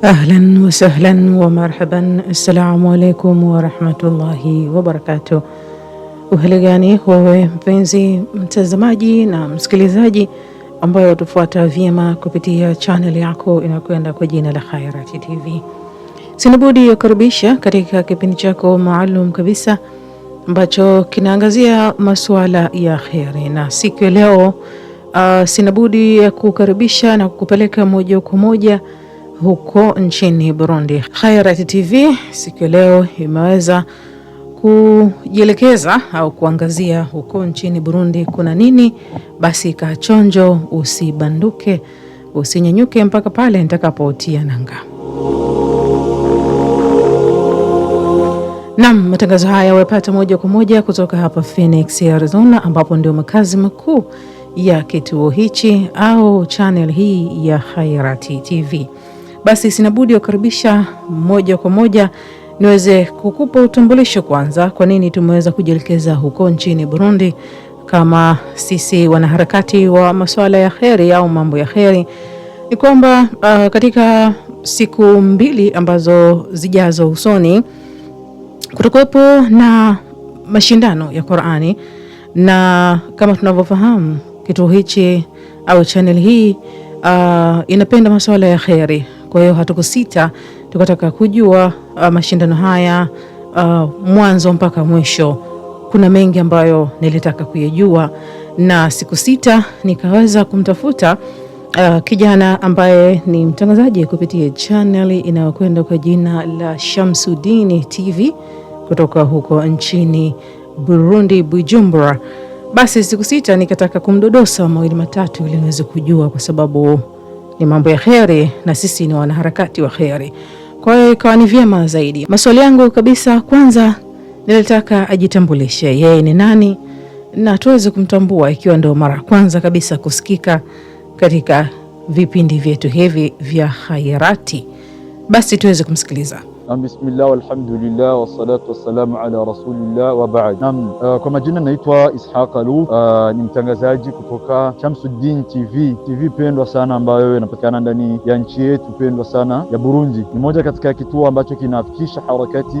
Ahlan wasahlan wamarhaban, assalamu alaikum warahmatullahi wabarakatuh. Uhaligani wewe mpenzi mtazamaji na msikilizaji ambayo watufuata vyema kupitia chanel yako inayokwenda kwa jina la Khairati TV. Sina budi kukaribisha katika kipindi chako maalum kabisa ambacho kinaangazia masuala ya kheri, na siku ya leo uh, ah, sina budi ya kukaribisha na kupeleka moja kwa moja huko nchini Burundi. Khairat TV siku ya leo imeweza kujielekeza au kuangazia huko nchini Burundi kuna nini. Basi kaa chonjo, usibanduke, usinyanyuke mpaka pale nitakapotia nanga. Nam, matangazo haya wayapata moja kwa moja kutoka hapa Phoenix, Arizona, ambapo ndio makazi makuu ya kituo hichi au channel hii ya Khairati TV basi sinabudi budi kukaribisha moja kwa moja niweze kukupa utambulisho kwanza, kwa nini tumeweza kujielekeza huko nchini Burundi kama sisi wanaharakati wa masuala ya kheri au mambo ya kheri. Ni kwamba uh, katika siku mbili ambazo zijazo usoni kutakuwepo na mashindano ya Qur'ani, na kama tunavyofahamu kituo hichi au channel hii uh, inapenda masuala ya kheri kwa hiyo hatukusita tukataka kujua uh, mashindano haya uh, mwanzo mpaka mwisho. Kuna mengi ambayo nilitaka kuyajua, na siku sita nikaweza kumtafuta uh, kijana ambaye ni mtangazaji kupitia chaneli inayokwenda kwa jina la Shamsudini TV kutoka huko nchini Burundi, Bujumbura. Basi siku sita nikataka kumdodosa mawili matatu ili niweze kujua, kwa sababu ni mambo ya kheri na sisi ni wanaharakati wa kheri. Kwa hiyo ikawa ni vyema zaidi. Maswali yangu kabisa, kwanza nilitaka ajitambulishe yeye ni nani na tuweze kumtambua ikiwa ndio mara ya kwanza kabisa kusikika katika vipindi vyetu hivi vya khairati, basi tuweze kumsikiliza. Bismillah walhamdulillah wassalatu wassalamu ala rasulillah wa baad. Naam, uh, kwa majina naitwa Ishaq Alu, uh, ni mtangazaji kutoka Shamsuddin TV, TV pendwa sana ambayo inapatikana ndani ya nchi yetu pendwa sana ya Burundi. Ni moja katika kituo ambacho kinafikisha harakati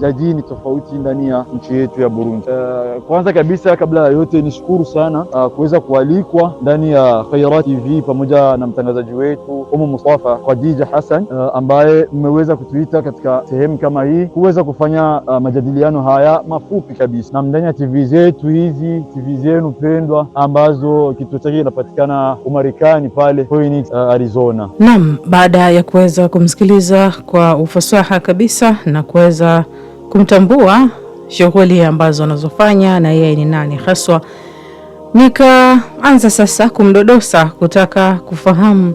za dini tofauti ndani ya nchi yetu ya Burundi. Uh, kwanza kabisa kabla ya yote nishukuru sana uh, kuweza kualikwa ndani ya Khairat TV pamoja na mtangazaji wetu Umu Mustafa Khadija Hassan uh, ambaye mmeweza kutuita katika sehemu kama hii kuweza kufanya uh, majadiliano haya mafupi kabisa na ndani ya TV zetu hizi TV zenu pendwa ambazo kituo chake kinapatikana Umarekani pale Phoenix, uh, Arizona. Naam, baada ya kuweza kumsikiliza kwa ufasaha kabisa na kuweza kumtambua shughuli ambazo anazofanya na yeye ni nani haswa. Nikaanza sasa kumdodosa kutaka kufahamu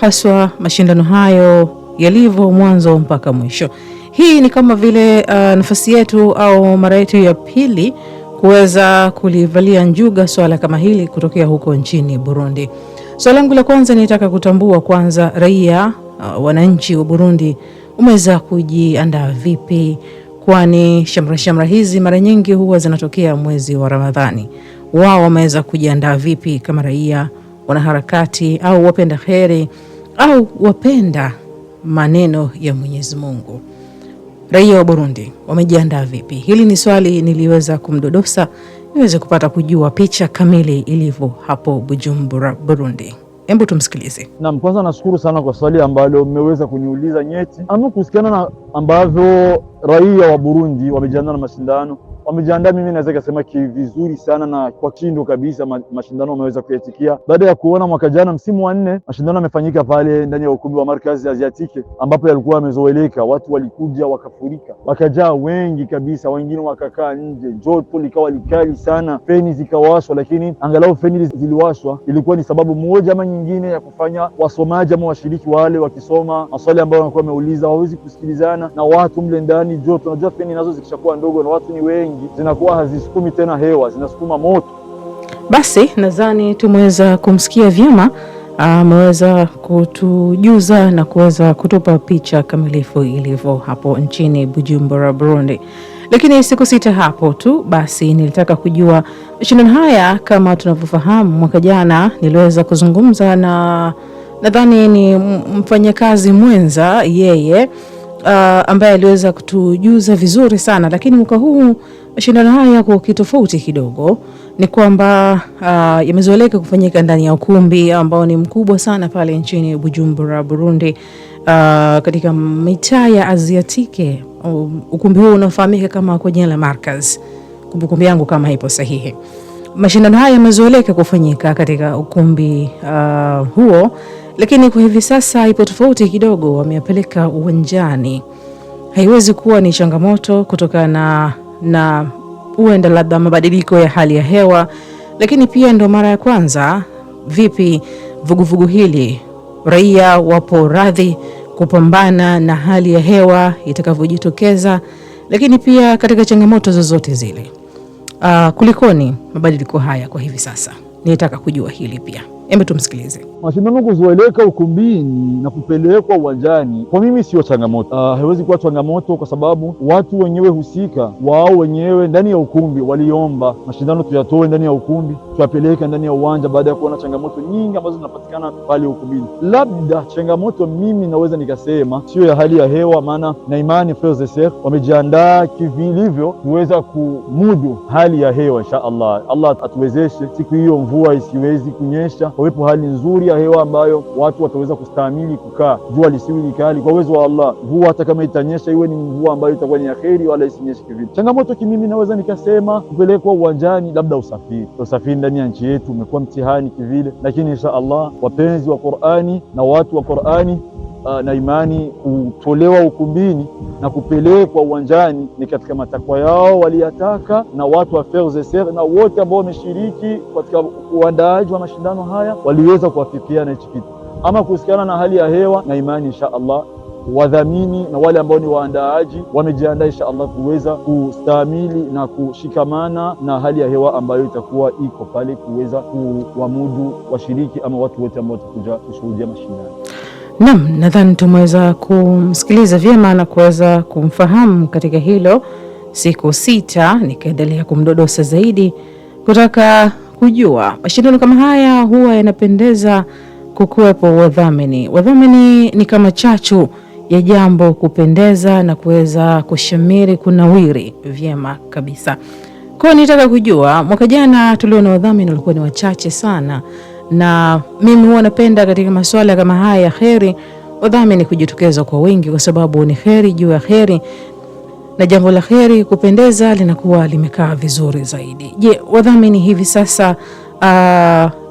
haswa mashindano hayo yalivyo mwanzo mpaka mwisho. Hii ni kama vile uh, nafasi yetu au mara yetu ya pili kuweza kulivalia njuga swala kama hili kutokea huko nchini Burundi. Swala langu la kwanza nitaka kutambua kwanza raia, uh, wananchi wa Burundi umeweza kujiandaa vipi kwani shamra shamra hizi mara nyingi huwa zinatokea mwezi wa Ramadhani. Wao wameweza kujiandaa vipi kama raia, wanaharakati au wapenda heri au wapenda maneno ya Mwenyezi Mungu? Raia wa Burundi wamejiandaa vipi? Hili ni swali niliweza kumdodosa niweze kupata kujua picha kamili ilivyo hapo Bujumbura, Burundi. Hebu tumsikilize. Naam, kwanza nashukuru sana kwa swali ambalo mmeweza kuniuliza nyeti ama kuhusikiana na ambavyo raia wa Burundi wamejiandaa na mashindano wamejiandaa, mimi naweza kusema kivizuri sana na kwa kindo kabisa, mashindano wameweza kuyaitikia baada ya kuona mwaka jana msimu wa nne mashindano yamefanyika pale ndani ya ukumbi wa Markazi Aziatike ambapo yalikuwa yamezoeleka, watu walikuja wakafurika, wakajaa wengi kabisa, wengine wakakaa nje, joto likawa likali sana, feni zikawashwa, lakini angalau feni ziliwashwa, ilikuwa ni sababu moja ama nyingine ya kufanya wasomaji ama washiriki wale wakisoma maswali ambayo wanakuwa wameuliza hawawezi kusikilizana na watu mle ndani, joto. Unajua feni nazo zikishakuwa ndogo na watu ni wengi nyingi zinakuwa hazisukumi tena hewa, zinasukuma moto. Basi nadhani tumeweza kumsikia vyema, ameweza kutujuza na kuweza kutupa picha kamilifu ilivyo hapo nchini Bujumbura, Burundi. Lakini siku sita hapo tu, basi nilitaka kujua mashindano haya, kama tunavyofahamu, mwaka jana niliweza kuzungumza na nadhani ni mfanyakazi mwenza yeye uh, ambaye aliweza kutujuza vizuri sana, lakini mwaka huu mashindano haya yako kitofauti kidogo, ni kwamba uh, yamezoeleka kufanyika ndani ya ukumbi ambao ni mkubwa sana pale nchini Bujumbura, Burundi, uh, katika mitaa ya Aziatike. Um, ukumbi huu unafahamika kama kwa jina la Markaz, kumbukumbu yangu kama ipo sahihi. Mashindano haya yamezoeleka kufanyika katika ukumbi uh, huo lakini kwa hivi sasa ipo tofauti kidogo, wameyapeleka uwanjani. Haiwezi kuwa ni changamoto kutokana na, na huenda labda mabadiliko ya hali ya hewa, lakini pia ndo mara ya kwanza. Vipi vuguvugu hili, raia wapo radhi kupambana na hali ya hewa itakavyojitokeza, lakini pia katika changamoto zozote zile. Uh, kulikoni mabadiliko haya kwa hivi sasa? Nitaka kujua hili pia. Hebu tumsikilize. Mashindano kuzoeleka ukumbini na kupelekwa uwanjani kwa mimi sio changamoto. Uh, haiwezi kuwa changamoto kwa sababu watu wenyewe husika wao wenyewe ndani ya ukumbi waliomba mashindano tuyatoe ndani ya ukumbi tuyapeleke ndani ya uwanja, baada ya kuona changamoto nyingi ambazo zinapatikana pale ukumbini. Labda changamoto mimi naweza nikasema sio ya hali ya hewa, maana na imani FSDSR wamejiandaa kivilivyo kuweza kumudu hali ya hewa. Insha Allah, Allah atuwezeshe siku hiyo mvua isiwezi kunyesha, wawepo hali nzuri ya hewa ambayo watu wataweza kustahimili kukaa, jua lisiwi likali, kwa uwezo wa Allah. Mvua hata kama itanyesha iwe ni mvua ambayo itakuwa ni ya kheri, wala isinyeshe kivile. Changamoto kimimi naweza nikasema kupelekwa uwanjani, labda usafiri. Usafiri ndani ya nchi yetu umekuwa mtihani kivile, lakini insha Allah wapenzi wa Qur'ani na watu wa Qur'ani uh, na imani kutolewa ukumbini na kupelekwa uwanjani ni katika matakwa yao waliyataka, na watu wa FERDESER na wote ambao wameshiriki katika uandaaji wa mashindano haya waliweza kuwafikia na hichi kitu. Ama kuhusikana na hali ya hewa na imani, insha Allah wadhamini na wale ambao ni waandaaji wamejiandaa insha Allah kuweza kustahimili na kushikamana na hali ya hewa ambayo itakuwa iko pale, kuweza kuwamudu washiriki ama watu wote ambao watakuja kushuhudia mashindano. Naam, nadhani tumeweza kumsikiliza vyema na kuweza kumfahamu katika hilo. Siku sita nikaendelea kumdodosa zaidi kutaka kujua mashindano kama haya huwa yanapendeza kukuwepo wadhamini. Wadhamini ni kama chachu ya jambo kupendeza na kuweza kushamiri kunawiri vyema kabisa. Kwa hiyo nitaka kujua mwaka jana tulio na wadhamini walikuwa ni wachache sana na mimi huwa napenda katika masuala kama haya ya kheri wadhamini kujitokeza kwa wingi, kwa sababu ni kheri juu ya kheri na jambo la kheri kupendeza linakuwa limekaa vizuri zaidi. Je, wadhamini hivi sasa uh,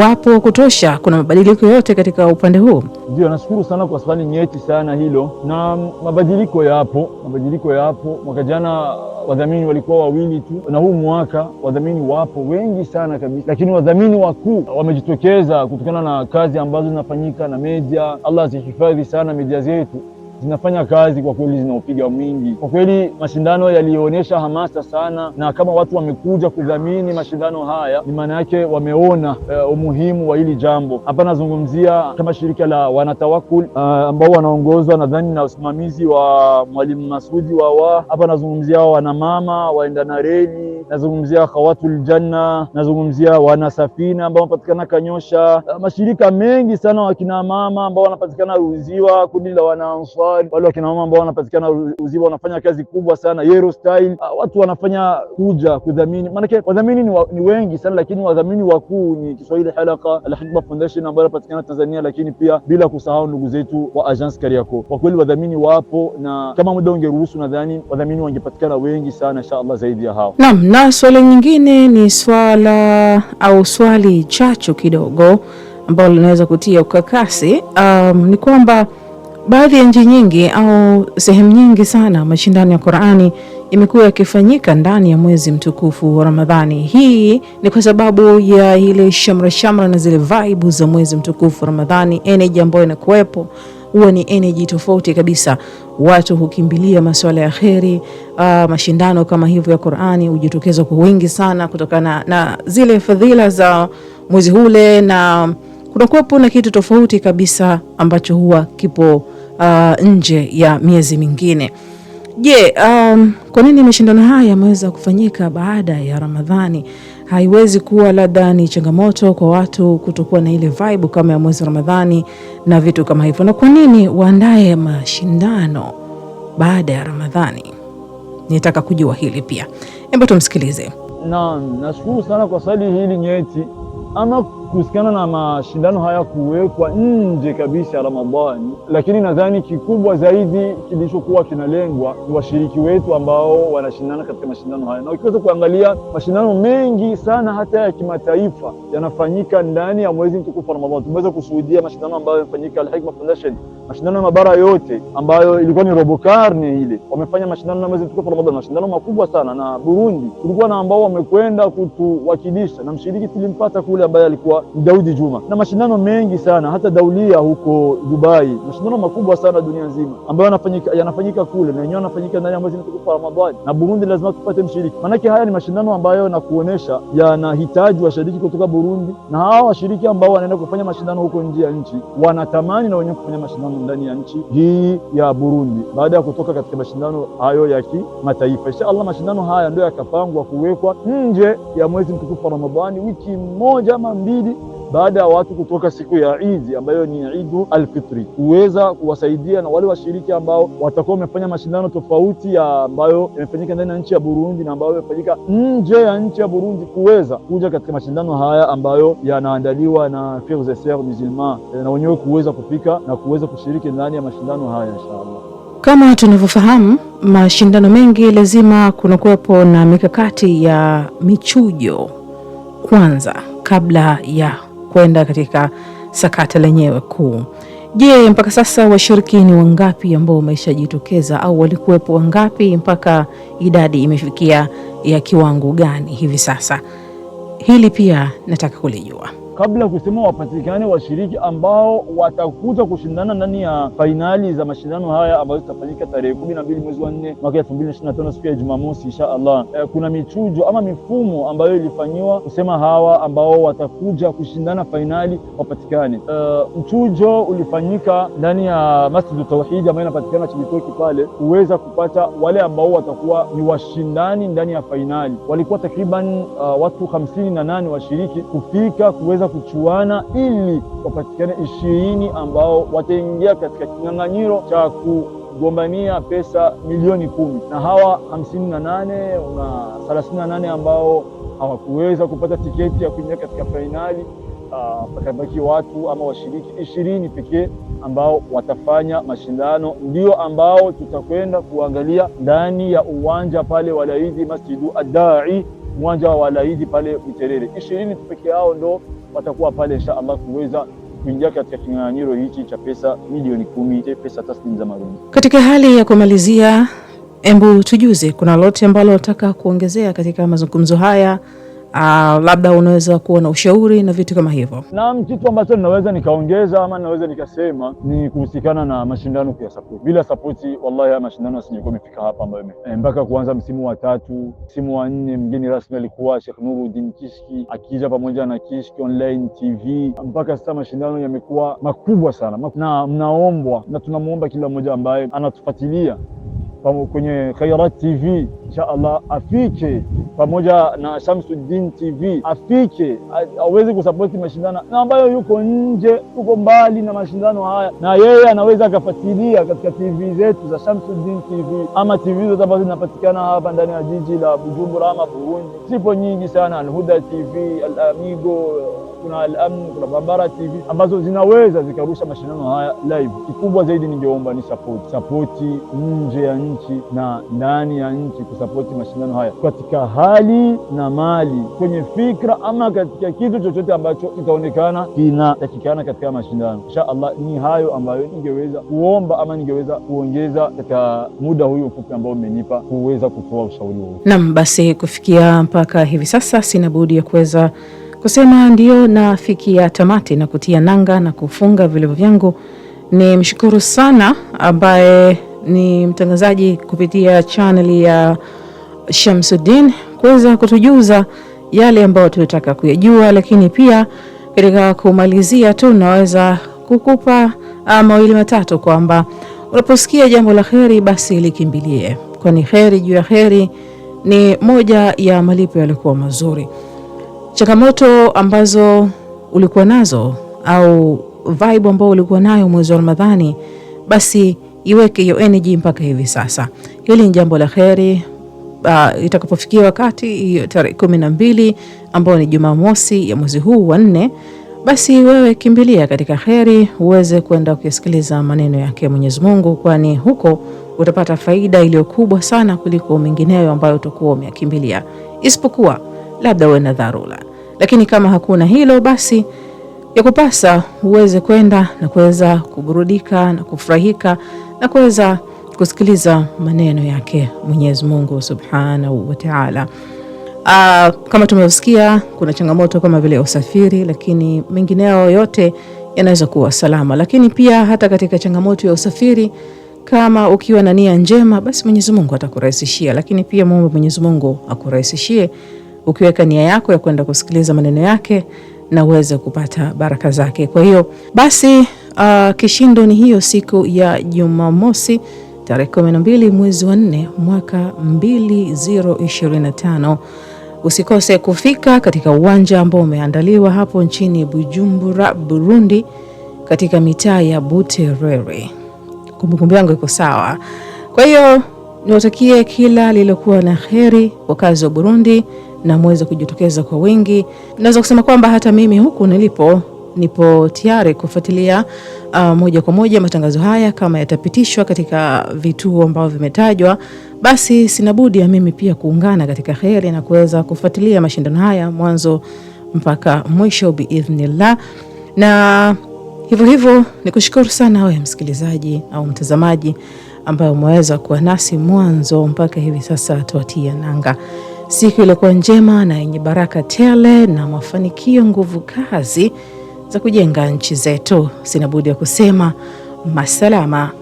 wapo wa kutosha? Kuna mabadiliko yote katika upande huu? Ndio, nashukuru sana kwa swali nyeti sana hilo, na mabadiliko yapo, mabadiliko yapo. Mwaka jana wadhamini walikuwa wawili tu, na huu mwaka wadhamini wapo wengi sana kabisa, lakini wadhamini wakuu wamejitokeza kutokana na kazi ambazo zinafanyika na media. Allah zihifadhi sana media zetu zinafanya kazi kwa kweli, zinaupiga mwingi kwa kweli. Mashindano yalionyesha hamasa sana, na kama watu wamekuja kudhamini mashindano haya, ni maana yake wameona uh, umuhimu wa hili jambo. Hapa nazungumzia kama shirika la Wanatawakul uh, ambao wanaongozwa nadhani na usimamizi wa Mwalimu Masudi Wawa. Hapa nazungumzia wanamama waenda na reli nazungumzia Khawatul Janna, nazungumzia wanasafina ambao wanapatikana Kanyosha, ah, mashirika mengi sana wakina mama ambao wanapatikana Ruziwa, kundi la wana Ansari, wale wakina mama ambao wanapatikana Ruziwa wanafanya kazi kubwa sana Yero Style. Ah, watu wanafanya kuja kudhamini, maanake wadhamini ni, wa, ni wengi sana lakini wadhamini wakuu ni Kiswahili Halaka Alhikma Foundation ambayo inapatikana Tanzania, lakini pia bila kusahau ndugu zetu wa Agence Kariako. Kwa kweli wadhamini wapo, na kama muda ungeruhusu, nadhani wadhamini wangepatikana wengi sana inshallah zaidi ya hao. Naam. Na swali nyingine ni swala au swali chachu kidogo ambalo linaweza kutia ukakasi. Um, ni kwamba baadhi ya nchi nyingi au sehemu nyingi sana mashindano ya Qur'ani imekuwa yakifanyika ndani ya mwezi mtukufu wa Ramadhani. Hii ni kwa sababu ya ile shamra shamra na zile vaibu za mwezi mtukufu wa Ramadhani, energy ambayo inakuwepo huwa ni energy tofauti kabisa. Watu hukimbilia masuala ya kheri. Uh, mashindano kama hivyo ya Qur'ani hujitokeza kwa wingi sana kutokana na zile fadhila za mwezi hule, na kunakuwa na kitu tofauti kabisa ambacho huwa kipo uh, nje ya miezi mingine. Je, yeah, um, kwa nini mashindano haya yameweza kufanyika baada ya Ramadhani? haiwezi kuwa labda ni changamoto kwa watu kutokuwa na ile vibe kama ya mwezi wa Ramadhani na vitu kama hivyo. Na kwa nini waandae mashindano baada ya Ramadhani? Nitaka kujua hili pia. Hebu tumsikilize. Naam, nashukuru sana kwa swali hili nyeti ama kuhusikana na mashindano haya kuwekwa nje kabisa ya Ramadhani, lakini nadhani kikubwa zaidi kilichokuwa kinalengwa ni washiriki wetu ambao wanashindana katika mashindano haya, na ukiweza kuangalia mashindano mengi sana hata ya kimataifa yanafanyika ndani ya mwezi mtukufu wa Ramadhani. Tumeweza kushuhudia mashindano ambayo yamefanyika Al-Hikma Foundation, mashindano ya mabara yote ambayo ilikuwa ni robo karne ile, wamefanya mashindano na mwezi mtukufu wa Ramadhani, mashindano makubwa sana. Na Burundi kulikuwa na ambao wamekwenda kutuwakilisha, na mshiriki tulimpata kule ambaye alikuwa Daudi Juma na mashindano mengi sana, hata daulia huko Dubai, mashindano makubwa sana dunia nzima ambayo yanafanyika yanafanyika kule na yenyewe yanafanyika ndani ambayo zinatukufu Ramadhani, na Burundi lazima tupate mshiriki, maanake haya ni mashindano ambayo na kuonesha yanahitaji washiriki kutoka Burundi, na hawa washiriki ambao wanaenda kufanya mashindano huko nje ya nchi wanatamani na wenyewe kufanya mashindano ndani ya nchi hii ya Burundi, baada ya kutoka katika mashindano hayo ya kimataifa. Insha Allah mashindano haya ndio yakapangwa kuwekwa nje ya mwezi mtukufu wa Ramadhani, wiki moja ama mbili baada ya watu kutoka siku ya Idi ambayo ni Idu Alfitri, kuweza kuwasaidia na wale washiriki ambao watakuwa wamefanya mashindano tofauti ya ambayo yamefanyika ndani ya nchi ya Burundi na ambayo yamefanyika nje ya nchi ya Burundi kuweza kuja katika mashindano haya ambayo yanaandaliwa na Frères et Sœurs Musulmans eh, na wenyewe kuweza kufika na kuweza kushiriki ndani ya mashindano haya inshallah. Kama tunavyofahamu mashindano mengi, lazima kunakuwepo na mikakati ya michujo kwanza kabla ya kwenda katika sakata lenyewe kuu. Je, mpaka sasa washiriki ni wangapi ambao wameshajitokeza au walikuwepo wangapi mpaka idadi imefikia ya kiwango gani hivi sasa? Hili pia nataka kulijua kabla kusema wapatikane washiriki ambao watakuja kushindana ndani ya fainali za mashindano haya ambayo zitafanyika tarehe kumi na mbili mwezi wa nne mwaka elfu mbili na ishirini na tano siku ya Jumamosi insha Allah. E, kuna michujo ama mifumo ambayo ilifanyiwa kusema hawa ambao watakuja kushindana fainali wapatikane. E, mchujo ulifanyika ndani ya Masjid Tauhidi ambayo inapatikana Chibitoki pale kuweza kupata wale ambao watakuwa ni washindani ndani ya fainali. Walikuwa takriban uh, watu hamsini na nane washiriki kufika kuweza wataweza kuchuana ili wapatikane ishirini ambao wataingia katika kinyang'anyiro cha kugombania pesa milioni kumi na hawa hamsini na nane na thelathini na nane ambao hawakuweza kupata tiketi ya kuingia katika fainali ah, watabaki uh, watu ama washiriki ishirini pekee ambao watafanya mashindano, ndio ambao tutakwenda kuangalia ndani ya uwanja pale walaidi Masjidu Adai, uwanja wa walaidi pale Miterere. Ishirini pekee yao ndo watakuwa pale insha Allah kuweza kuingia katika kinyang'anyiro hichi cha pesa milioni kumi eh, pesa taslimu za Marundi. Katika hali ya kumalizia, embu tujuze, kuna lote ambalo nataka kuongezea katika mazungumzo haya uh, labda unaweza kuwa na ushauri na vitu kama hivyo. Naam, kitu ambacho ninaweza nikaongeza ama ninaweza nikasema ni kuhusikana na mashindano kuya support. Bila support, wallahi haya mashindano yasingekuwa yamefika hapa ambayo e, mpaka kuanza msimu wa tatu, msimu wa nne, mgeni rasmi alikuwa Sheikh Nuruddin Kishki akija pamoja na Kishki Online TV, mpaka sasa mashindano yamekuwa makubwa sana na mnaombwa na tunamwomba kila mmoja ambaye anatufuatilia kwenye Khairat TV insha Allah afike pamoja na Shamsuddin TV afike aweze kusapoti mashindano na ambayo yuko nje, yuko mbali na mashindano haya, na yeye anaweza akafuatilia katika TV zetu za Shamsuddin TV ama TV zote ambazo zinapatikana hapa ndani ya jiji la Bujumbura ama Burundi. Zipo nyingi sana, Alhuda TV, Alamigo kuna Al-Amn, kuna Barabara TV ambazo zinaweza zikarusha mashindano haya live. Kikubwa zaidi ningeomba ni support, support nje ya nchi na ndani ya nchi, kusapoti mashindano haya katika hali na mali, kwenye fikra ama katika kitu chochote ambacho kitaonekana kinatakikana katika mashindano. Insha Allah, ni hayo ambayo ningeweza kuomba ama ningeweza kuongeza katika muda huyu mfupi ambao mmenipa kuweza kutoa ushauri wao. Naam, basi kufikia mpaka hivi sasa sina budi ya kuweza Kusema ndiyo nafikia tamati na kutia nanga na kufunga vilivyo vyangu, ni mshukuru sana ambaye ni mtangazaji kupitia chaneli ya Shamsuddin kuweza kutujuza yale ambayo tunataka kuyajua, lakini pia katika kumalizia tu naweza kukupa ah, mawili matatu kwamba unaposikia jambo la heri basi likimbilie, kwani heri juu ya heri ni moja ya malipo yaliokuwa mazuri changamoto ambazo ulikuwa nazo au vibe ambayo ulikuwa nayo mwezi wa Ramadhani, basi iweke hiyo energy mpaka hivi sasa. Hili ni jambo la kheri. Uh, itakapofikia wakati tarehe kumi na mbili ambayo ni Jumamosi ya mwezi huu wa nne, basi wewe kimbilia katika kheri uweze kwenda kusikiliza maneno yake Mwenyezi Mungu, kwani huko utapata faida iliyo kubwa sana kuliko mengineyo ambayo utakuwa umeyakimbilia isipokuwa labda uwe na dharura, lakini kama hakuna hilo basi ya kupasa uweze kwenda na kuweza kuburudika na kufurahika na kuweza kusikiliza maneno yake Mwenyezi Mungu Subhanahu wa Ta'ala. Uh, kama tumesikia kuna changamoto kama vile usafiri, lakini mengineo yote yanaweza kuwa salama. Lakini pia hata katika changamoto ya usafiri, kama ukiwa na nia njema, basi Mwenyezi Mungu atakurahisishia. Lakini pia muombe Mwenyezi Mungu akurahisishie ukiweka nia yako ya kwenda kusikiliza maneno yake na uweze kupata baraka zake. Kwa hiyo basi, uh, kishindo ni hiyo siku ya Jumamosi tarehe mbili mwezi wa nne mwaka 2025. Usikose kufika katika uwanja ambao umeandaliwa hapo nchini Bujumbura, Burundi, katika mitaa ya Buterere. Kumbukumbu yangu iko sawa. Kwa hiyo niwatakie kila lililokuwa na heri wakazi wa Burundi na muweze kujitokeza kwa wingi. Naweza kusema kwamba hata mimi huku nilipo nipo tayari kufuatilia uh, moja kwa moja matangazo haya kama yatapitishwa katika vituo ambavyo vimetajwa, basi sina budi ya mimi pia kuungana katika kheri na kuweza kufuatilia mashindano haya mwanzo mpaka mwisho biidhnillah. Na hivyo hivyo nikushukuru sana wewe msikilizaji au mtazamaji ambaye umeweza kuwa nasi mwanzo mpaka hivi sasa tuatia nanga siku iliyokuwa njema na yenye baraka tele na mafanikio, nguvu kazi za kujenga nchi zetu. Sina budi ya kusema masalama.